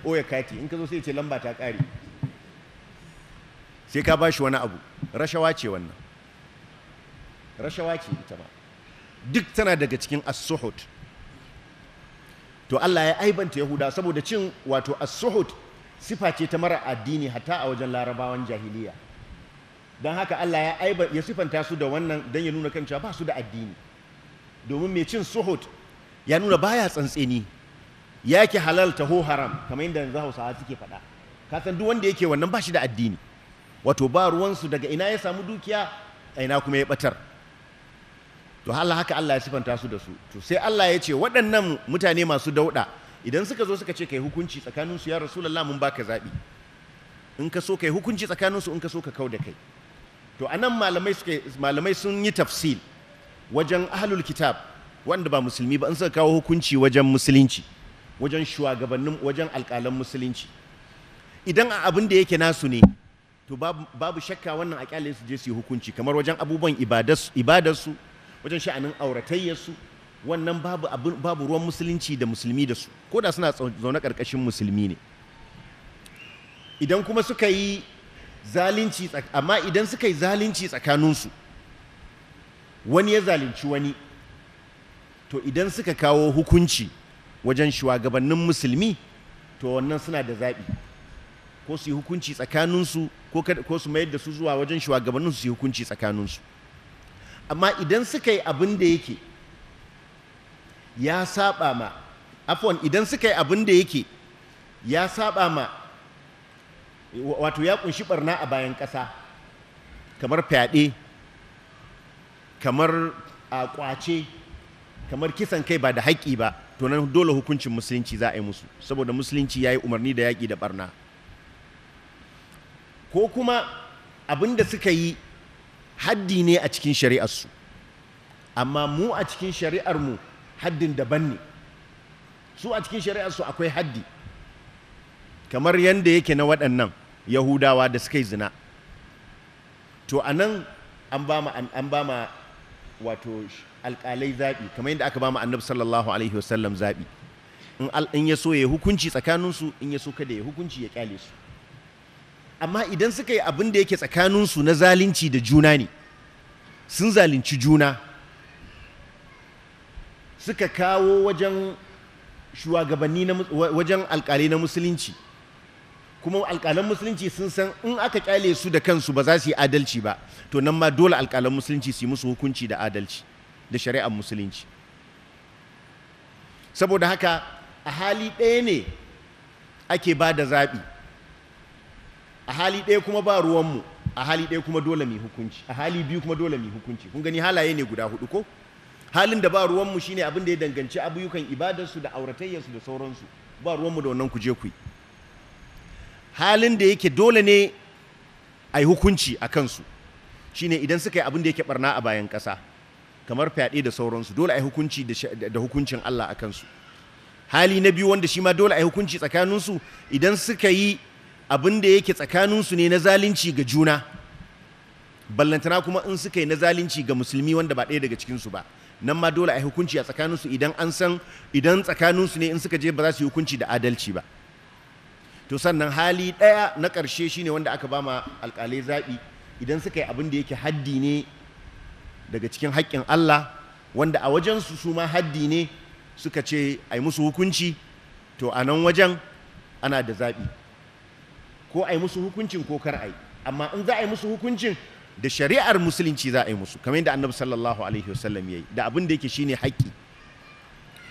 ɓoye kati in ka zo sai ce lamba ta ƙare sai ka ba shi wani abu rashawa ce wannan rashawa ce ita ba duk tana daga cikin as-suhut to Allah ya aibanta Yahuda saboda cin wato as-suhut sifa ce ta mara addini hatta a wajen larabawan jahiliya don haka Allah ya aiba ya sifanta su da wannan don ya nuna kan cewa ba su da addini domin mai cin suhut ya nuna baya tsantseni ya ki halal taho haram kamar yadda yanzu hausawa suke faɗa ka san duk wanda yake wannan ba shi da addini wato ba ruwansu daga ina ya samu dukiya a ina kuma ya batar to Allah haka Allah ya sifanta su da su to sai Allah ya ce waɗannan mutane masu dauɗa idan suka zo suka ce kai hukunci tsakanin su ya rasulullah mun baka zabi in ka so kai hukunci tsakanin su in ka so ka kau da kai to anan malamai suka malamai sun yi tafsil wajen ahlul kitab wanda ba musulmi ba in suka kawo hukunci wajen musulunci wajen shugabannin wajen alƙalan musulunci idan a abin da yake nasu ne to babu shakka wannan a su je su yi hukunci kamar wajen abubuwan ibadarsu wajen sha'anin auratayyarsu wannan babu ruwan musulunci da musulmi da su ko da suna zaune karkashin musulmi ne idan kuma suka yi zalunci amma idan suka yi zalunci tsakaninsu wani ya zalunci wani to idan suka kawo hukunci wajen shugabannin musulmi to wannan suna da zaɓi ko su yi hukunci tsakaninsu ko su mayar da su zuwa wajen shugabannin su yi hukunci tsakaninsu amma idan suka yi abin da yake ya saba ma afon idan suka yi abin da yake ya saba ma wato ya kunshi barna a bayan ƙasa kamar fyaɗe kamar a ƙwace kamar kisan kai ba da haƙƙi ba to nan dole hukuncin musulunci za a yi musu saboda musulunci ya yi umarni da yaƙi da barna ko kuma abin da suka yi haddi ne a cikin shari'arsu amma mu a cikin shari'armu haddin daban ne su a cikin shari'arsu akwai haddi kamar yadda yake na waɗannan yahudawa da suka yi zina to a an ba ma wato alƙalai zaɓi kamar yadda aka ba mu annabi sallallahu alaihi wasallam zaɓi in ya so ya hukunci tsakaninsu in ya so kada ya hukunci ya ƙyale su amma idan suka yi abin da yake tsakaninsu na zalunci da juna ne sun zalunci juna suka kawo wajen shugabanni na wajen alƙalai na musulunci kuma alƙalan musulunci sun san in aka ƙyale su da kansu ba za su yi adalci ba to nan ma dole alƙalan musulunci su yi musu hukunci da adalci da shari'ar musulunci saboda haka a hali ɗaya ne ake ba da zaɓi a hali ɗaya kuma ba ruwanmu a hali ɗaya kuma dole mai hukunci a hali biyu kuma dole mai hukunci kun gani halaye ne guda hudu ko halin da ba ruwanmu shine abin da ya danganci abuyukan ibadarsu da auratayyarsu da sauransu ba ruwanmu da wannan kuje ku halin da yake dole ne a yi hukunci a kansu shine idan suka yi abin da yake barna a bayan ƙasa kamar fyaɗe da sauransu dole a yi hukunci da hukuncin Allah a kansu hali na biyu wanda shi ma dole a yi hukunci tsakaninsu idan suka yi abin da yake tsakaninsu ne na zalunci ga juna ballantana kuma in suka yi na zalunci ga musulmi wanda ba ɗaya daga cikinsu ba nan ma dole a yi hukunci a tsakaninsu idan an san idan tsakaninsu ne in suka je ba za su yi hukunci da adalci ba to sannan hali ɗaya na ƙarshe shine wanda aka ba ma alƙalai zaɓi idan suka yi abin da yake haddi ne daga cikin haƙƙin Allah wanda a wajensu su ma haddi ne suka ce ai musu hukunci to a nan wajen ana da zaɓi ko ai musu hukuncin ko kar ai amma in za a yi musu hukuncin da shari'ar musulunci za a yi musu kamar yadda annabi sallallahu alaihi wasallam yayi da abin da yake shine haƙƙi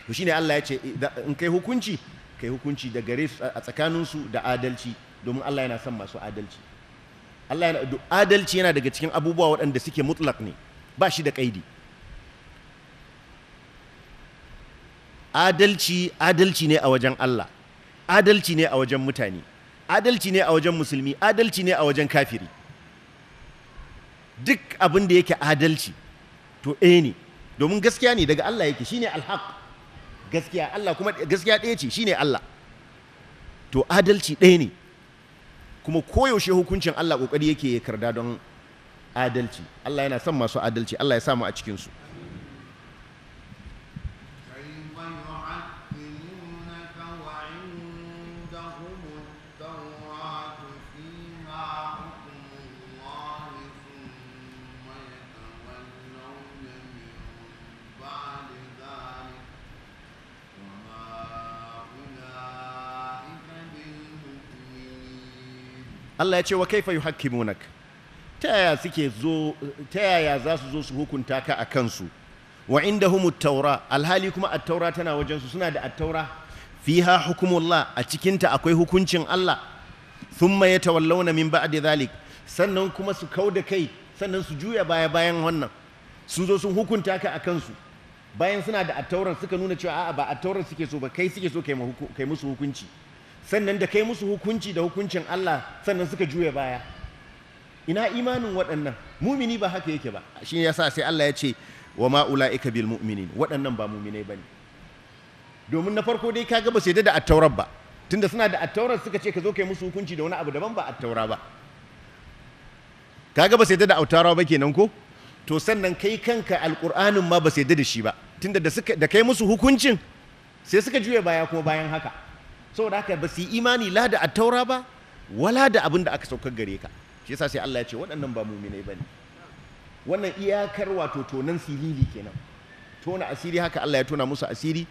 to shine Allah ya ce in kai hukunci kai hukunci da gare su a tsakaninsu da adalci domin Allah yana son masu adalci Allah yana adalci yana daga cikin abubuwa waɗanda suke mutlak ne ba shi da ƙaidi adalci adalci ne a wajen Allah adalci ne a wajen mutane adalci ne a wajen musulmi adalci ne a wajen kafiri duk abin da yake adalci to ɗaya eh ne domin gaskiya ne daga Allah yake shine alhaq gaskiya Allah kuma gaskiya ɗaya ce shine Allah to adalci ɗaya ne kuma koyaushe hukuncin Allah ƙoƙari yake ya karda don adalci Allah yana son masu adalci Allah ya samu a cikinsu Allah ya ce wa kaifa yuhakkimunak ta yaya suke zo za su zo su hukunta ka a kansu wa inda taura alhali kuma attaura tana wajensu, suna da attaura taura fiha hukumullah a cikinta akwai hukuncin Allah thumma yatawallawna min ba'di da sannan kuma su kauda kai sannan su juya baya bayan wannan sun zo sun hukunta ka a kansu bayan suna da attaura suka nuna cewa a'a ba attaura suke so ba kai suke so kai musu hukunci sannan da kai musu hukunci da hukuncin Allah sannan suka juya baya ina imanin waɗannan mumini ba haka yake ba shi ya sa sai Allah ya ce wa ma ulaika bil mu'minin waɗannan ba muminai ne domin na farko dai kaga ba sai da attaurar ba tunda suna da attaurar suka ce ka zo kai musu hukunci da wani abu daban ba attaura ba kaga ba sai da autara ba kenan ko to sannan kai kanka alƙur'anin ma ba sai da shi ba tunda da suka da kai musu hukuncin sai suka juya baya kuma bayan haka saboda haka ba su yi imani la da attaura ba wala da abin da aka saukar gare ka shi yasa sai Allah ya ce waɗannan ba muminai bane wannan iyakar wato tonan silili kenan tona asiri haka Allah ya tona musu asiri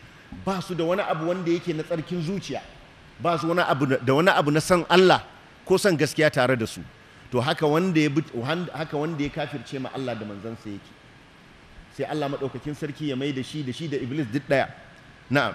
ba su da wani abu wanda yake na tsarkin zuciya ba su wani abu da wani abu na san Allah ko san gaskiya tare da su to haka wanda ya haka wanda ya kafirce ma Allah da manzansa yake sai Allah madaukakin sarki ya mai da shi da shi da iblis duk daya na'am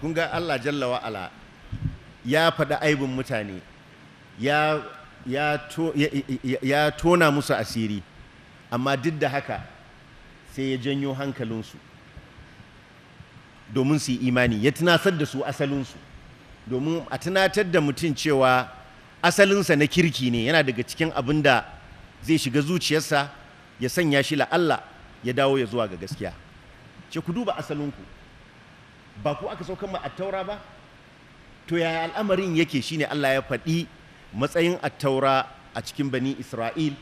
kun ga Allah jalla wa'ala ya faɗa aibin mutane ya ya tona musu asiri amma duk da haka sai ya janyo hankalinsu domin su yi imani ya tunasar da su asalinsu domin a tunatar da mutum cewa asalinsa na kirki ne yana daga cikin abin da zai shiga zuciyarsa ya sanya shi la'alla ya dawo ya zuwa ga gaskiya ce ku duba asalinku ba ku aka saukan ma attaura ba to yaya al'amarin yake shine Allah ya faɗi matsayin attaura a cikin bani Isra'il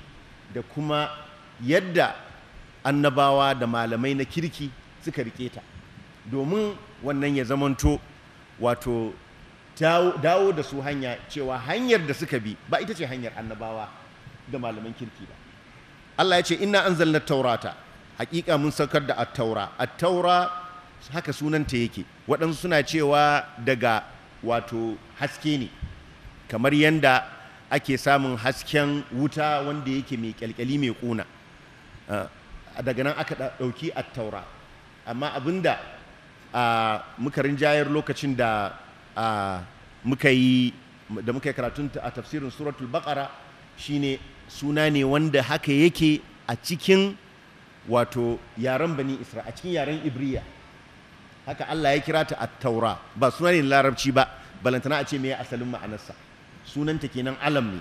da kuma yadda annabawa da malamai na kirki suka rike ta domin wannan ya zamanto wato dawo da su hanya cewa hanyar da suka bi ba ita ce hanyar annabawa da malaman kirki ba Allah ya ce inna anzalna taurata hakika mun saukar da attaura. taura haka sunanta yake waɗansu suna cewa daga wato haske ne kamar yadda ake samun hasken wuta wanda yake mai kyalkyali mai ƙuna ah, daga nan aka ɗauki attaura amma abinda ah, muka rinjayar lokacin da ah, muka yi da muka yi karatun a tafsirin suratul baqara shine suna ne wanda haka yake a cikin wato yaren bani isra a cikin yaren ibriya haka Allah ya kira ta at-taura ba sunan larabci ba balantana a ce me asalin ma'anarsa sunanta kenan alam ne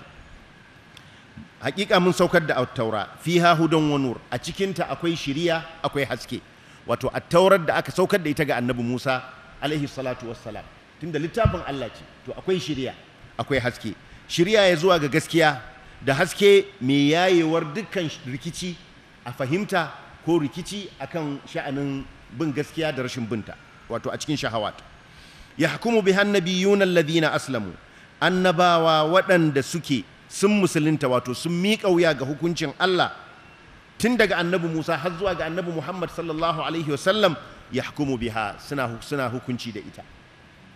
hakika mun saukar da at-taura fiha hudan wa nur a cikinta akwai shiriya akwai haske wato at-taurar da aka saukar da ita ga annabi Musa alaihi salatu wassalam tunda littafin Allah ce to akwai shiriya akwai haske shiriya ya zuwa ga gaskiya da haske mai yayewar dukkan rikici a fahimta ko rikici akan sha'anin bin gaskiya da rashin binta wato a cikin shahawat hukumu bi annabiyuna alladhina aslamu annabawa waɗanda suke sun musulunta wato sun miƙa wuya ga hukuncin Allah tun daga annabi Musa har zuwa ga annabi Muhammad sallallahu alaihi wasallam hukumu biha suna suna hukunci da ita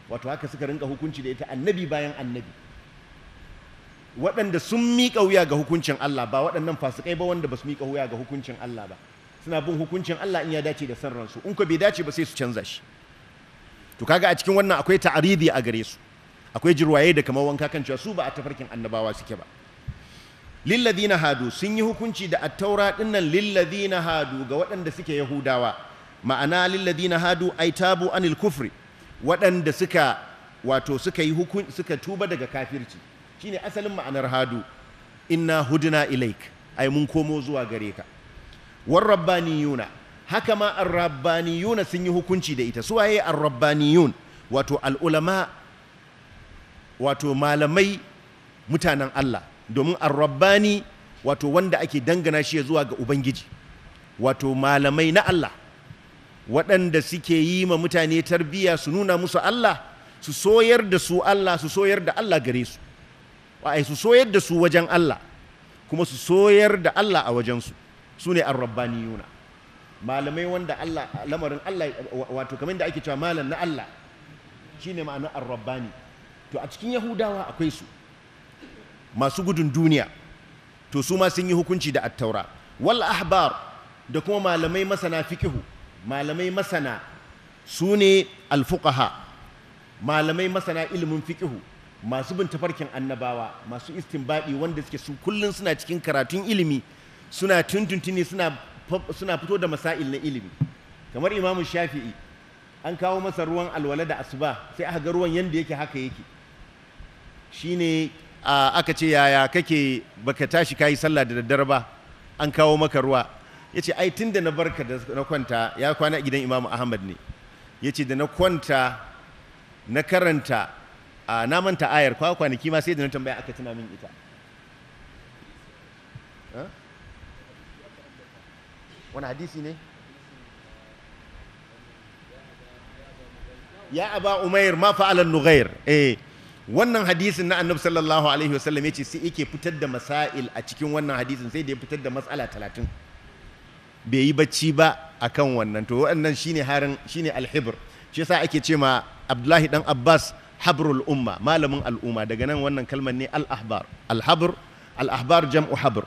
wato haka suka rinka hukunci da ita annabi bayan annabi waɗanda sun miƙa wuya ga hukuncin Allah ba waɗannan fasikai ba wanda ba su miƙa wuya ga hukuncin Allah ba suna bin hukuncin Allah in ya dace da san ransu in ko bai dace ba sai su canza shi to kaga a cikin wannan akwai ta'aridi a gare su akwai jirwaye da kamar wanka kan cewa su ba a tafarkin annabawa suke ba lilladhina hadu sun yi hukunci da at-taura dinnan lilladhina hadu ga waɗanda suke yahudawa ma'ana lilladhina hadu ay tabu anil kufri waɗanda suka wato suka yi hukun suka tuba daga kafirci shine asalin ma'anar hadu inna hudna ilaik ai mun komo zuwa gare ka war haka ma ar sun yi hukunci da ita suwaye ar-rabbaniyun wato al'ulama wato malamai mutanen Allah domin arrabbani wato wanda ake dangana shi zuwa ga ubangiji wato malamai na Allah waɗanda suke yi ma mutane tarbiyya su nuna musu Allah su soyar da su Allah su soyar da Allah gare su ai su soyar da su wajen Allah kuma su soyar da Allah a wajensu su ne arrabbaniyuna malamai wanda Allah lamarin Allah wato kamar da ake cewa malam na Allah shine ma'ana arrabbani to a cikin yahudawa akwai su masu gudun duniya to su ma sun yi hukunci da attaura wal ahbar da kuma malamai masana fikihu malamai masana su ne alfuqaha malamai masana ilimin fikihu masu bin tafarkin annabawa masu istinbadi wanda suke su kullun suna cikin karatun ilimi suna tuntuntuni suna fito da masail na ilimi kamar imamu shafi'i an kawo masa ruwan alwala da asuba sai aka ga ruwan yanda yake haka yake shine aka ce yaya kake baka tashi kayi sallah da daddare ba an kawo maka ruwa yace ai tunda na barka da na kwanta ya kwana gidan imamu ahmad ne yace da na kwanta na karanta na manta ayar kwa kwanaki ma sai da na tambaya aka tuna min ita wani hadisi ne ya aba umair ma fa'alan nughair eh wannan hadisin na annabi sallallahu alaihi wasallam yace sai yake fitar da masail a cikin wannan hadisin sai da ya fitar da matsala 30 bai yi bacci ba akan wannan to wannan shine harin shine alhibr shi yasa ake ce ma abdullahi dan abbas habrul umma malamin al'umma daga nan wannan kalmar ne al-ahbar al-habr al-ahbar jam'u habr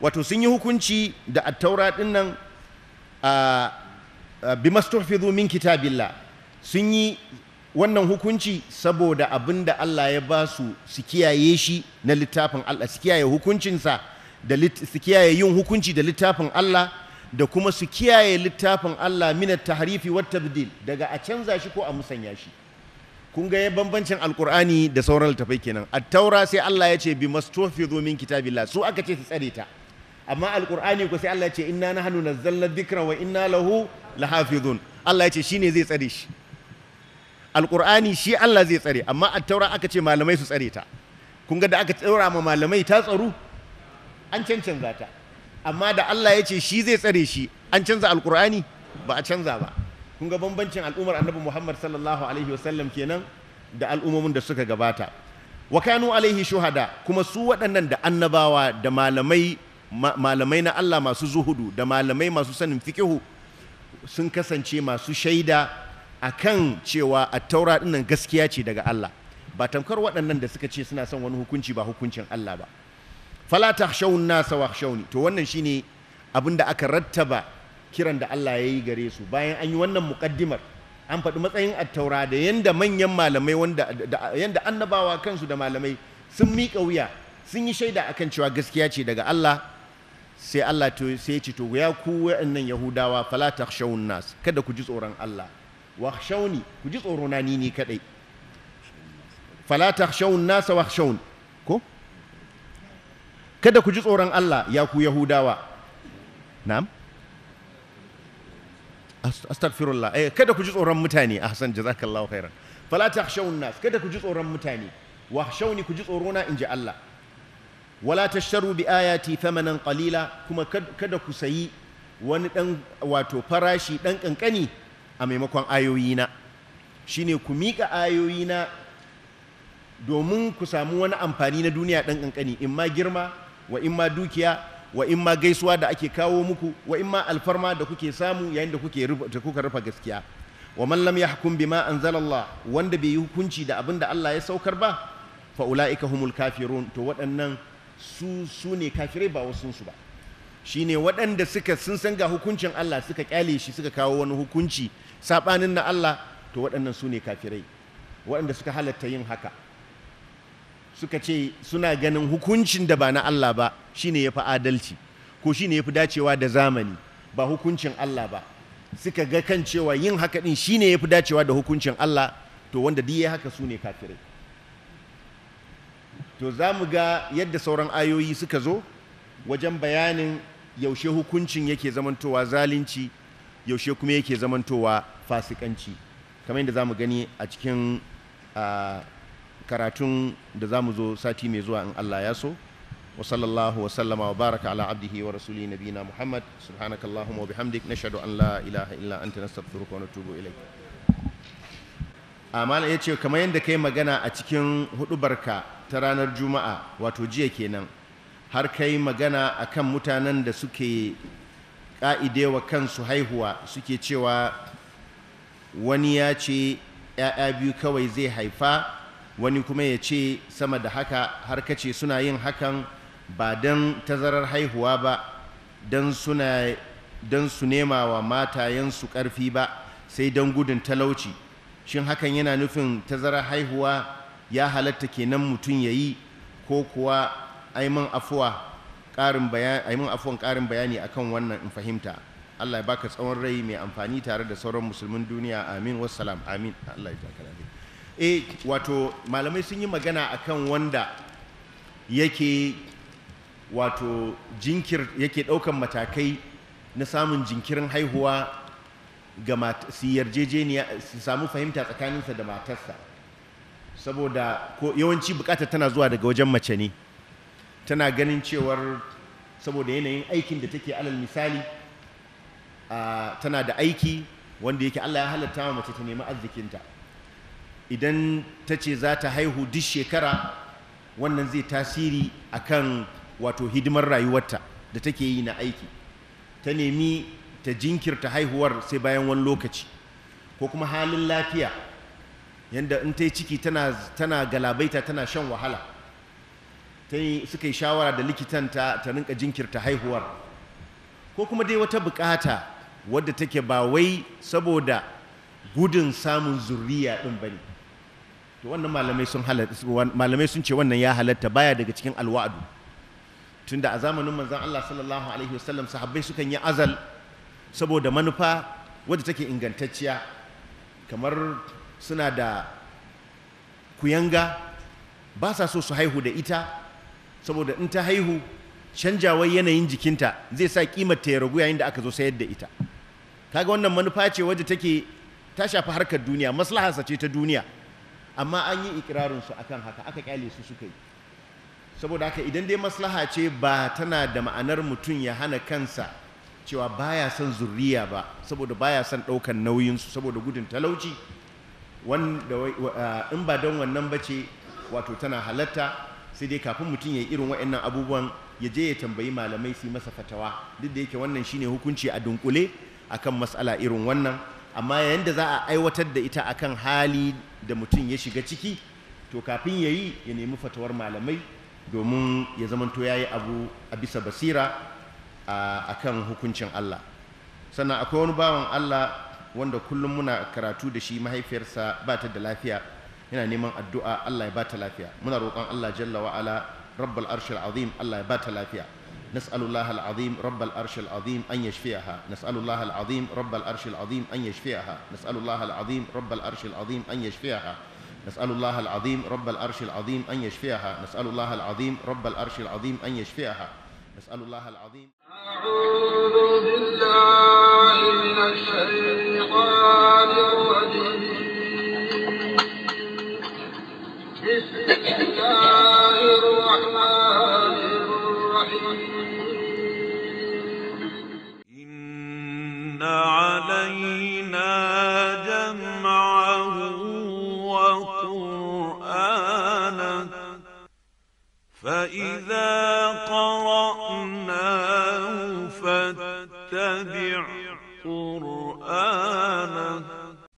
wato sun yi hukunci da attaura din nan a mastofizu min kitabilla, sun yi wannan hukunci saboda abin da Allah ya ba su su kiyaye shi na littafin Allah su kiyaye hukuncinsa da su kiyaye yin hukunci da littafin Allah da kuma su kiyaye littafin Allah min tahrifi wat tabdil daga a canza shi ko a musanya shi kun ga bambancin alkur'ani da sauran littafai kenan at-taura sai Allah ya ce bi mastofizu min kitabillah su aka ce su tsare ta amma alkur'ani ku sai Allah ya ce inna nahnu nazzalna dhikra wa inna lahu lahafizun Allah ya ce shine zai tsare shi alkur'ani shi Allah zai tsare amma at-taura aka ce malamai su tsare ta kun ga da aka tsora ma malamai ta tsaro an cancanza ta amma da Allah ya ce shi zai tsare shi an canza alkur'ani ba a canza ba kun ga bambancin al'ummar annabi Muhammad sallallahu alaihi wasallam kenan da al'ummomin da suka gabata wa kanu alaihi shuhada kuma su waɗannan da annabawa da malamai malamai na Allah masu zuhudu da malamai masu sanin fikihu sun kasance masu shaida akan cewa attaura dinnan gaskiya ce daga Allah ba tamkar waɗannan da suka ce suna son wani hukunci ba hukuncin Allah ba fala shaun nasa shauni to wannan shine abin da aka rattaba kiran da Allah ya yi gare su bayan an yi wannan muƙaddimar an faɗi matsayin attaura da yanda manyan malamai wanda yanda annabawa kansu da malamai sun miƙa wuya sun yi shaida akan cewa gaskiya ce daga Allah sai Allah sai ya ce to ya ku wa'annan Yahudawa fala takhshawun nas kada ku ji tsoron Allah wa wakhshawni ku ji tsoro na ni ni kadai fala takhshawun nas wa wakhshawun ko kada ku ji tsoron Allah ya ku Yahudawa na'am astaghfirullah eh kada ku ji tsoron mutane ahsan jazakallahu khairan fala takhshawun nas kada ku ji tsoron mutane wa wakhshawni ku ji tsoro na inji Allah wala tashtaru bi ayati thamanan qalila kuma kada ku sayi wani dan wato farashi dan kankani a maimakon ayoyina shine ku mika ayoyina domin ku samu wani amfani na duniya dan kankani in ma girma wa in ma dukiya wa in ma gaisuwa da ake kawo muku wa in ma alfarma da kuke samu yayin da kuke kuka rufa gaskiya wa man lam yahkum bima anzalallah wanda bai yi hukunci da abin da Allah ya saukar ba fa ulaika humul kafirun to waɗannan su su ne kafirai ba wasu ba ba ne waɗanda suka sun san ga hukuncin Allah suka kyale shi suka kawo wani hukunci saɓanin na Allah to waɗannan su ne kafirai waɗanda suka halatta yin haka suka ce suna ganin hukuncin da ba na Allah ba shine yafi adalci ko shine yafi dacewa da zamani ba hukuncin Allah ba suka ga kan cewa yin haka din shine yafi dacewa da hukuncin Allah to wanda duk ya haka su ne kafirai to za mu ga yadda sauran ayoyi suka zo wajen bayanin yaushe hukuncin yake zamantowa zalunci yaushe kuma yake zamantowa fasikanci kamar yadda za mu gani a cikin karatun da za mu zo sati mai zuwa in Allah ya so wa sallallahu wa sallama wa baraka ala abdihi wa rasuli nabina muhammad subhanakallahumma wa bihamdik nashhadu an la ilaha illa anta nastaghfiruka wa natubu ilayk ya ce kamar yadda kai magana a cikin hudubarka ta ranar juma'a wato jiya kenan har kai magana a kan mutanen da suke ƙa'idewa kansu haihuwa suke cewa wani ya ce ‘ya'ya biyu kawai zai haifa wani kuma ya ce sama da haka har kace suna yin hakan ba don tazarar haihuwa ba don su nema wa matayensu ƙarfi ba sai don gudun talauci shin hakan yana nufin tazarar haihuwa ya halatta kenan mutum ya yi ko kuwa aiman afuwa ƙarin bayani a afuwan akan wannan in fahimta Allah ya baka tsawon rai mai amfani tare da sauran musulmin duniya amin wassalam amin Allah ya ta e eh, wato malamai sun yi magana akan wanda yake wato jinkir yake ɗaukan matakai na samun jinkirin haihuwa ga su yarjejeniya su samu fahimta tsakaninsa da matarsa saboda yawanci bukatar tana zuwa daga wajen mace ne tana ganin cewar saboda yanayin aikin da take alal misali tana da aiki wanda yake Allah ya halatta wa mace ta nemi arzikinta idan ta ce za ta haihu duk shekara wannan zai tasiri akan wato hidimar rayuwarta da take yi na aiki ta nemi ta jinkirta haihuwar sai bayan wani lokaci ko kuma halin lafiya Yadda in ta yi ciki tana galabaita tana shan wahala suka yi shawara da likitan ta ta rinka jinkirta haihuwar ko kuma dai wata bukata wadda take ba wai saboda gudun samun zuriya din bane to wannan malamai sun ce wannan ya halatta baya daga cikin alwa'adu tunda a zamanin manzon Allah sallallahu alaihi wasallam sahabbai sukan yi azal saboda manufa wadda take ingantacciya kamar suna da kuyanga ba sa so su haihu da ita saboda in ta haihu canjawar yanayin jikinta zai sa kimar ta ya ragu yayin da aka zo sayar da ita kaga wannan manufa ce wadda take ta shafi harkar duniya maslaharsa ce ta duniya amma an yi ikirarin su akan haka aka kyale su suka yi saboda haka idan dai maslaha ce ba tana da ma'anar mutum ya hana kansa cewa baya son zurriya ba saboda baya son ɗaukan nauyinsu saboda gudun talauci in ba don wannan bace wato tana halatta sai dai kafin mutum ya yi irin wa'annan abubuwan ya je ya tambayi malamai su masa fatawa duk da yake wannan shine hukunci a dunkule akan matsala irin wannan amma yayin da za a aiwatar da ita akan hali da mutum ya shiga ciki to kafin ya yi ya nemi fatawar malamai domin ya zamanto ya yi abu a bisa basira a kan hukuncin Allah sannan akwai wani bawan Allah wanda kullum muna karatu da shi mahaifiyarsa ba ta da lafiya yana neman addu'a Allah ya ba ta lafiya muna roƙon Allah jalla wa ala rabbal arshil azim Allah ya ba ta lafiya nas'alullah al'azim rabbal arshil azim an yashfiha nas'alullah al'azim rabbal arshil azim an yashfiha nas'alullah al'azim rabbal arshil azim an yashfiha nas'alullah al'azim rabbal arshil azim an yashfiha nas'alullah al'azim نسأل الله العظيم أعوذ بالله من الشيطان الرجيم بسم الله الرحمن الرحيم إن علينا فإذا تتبع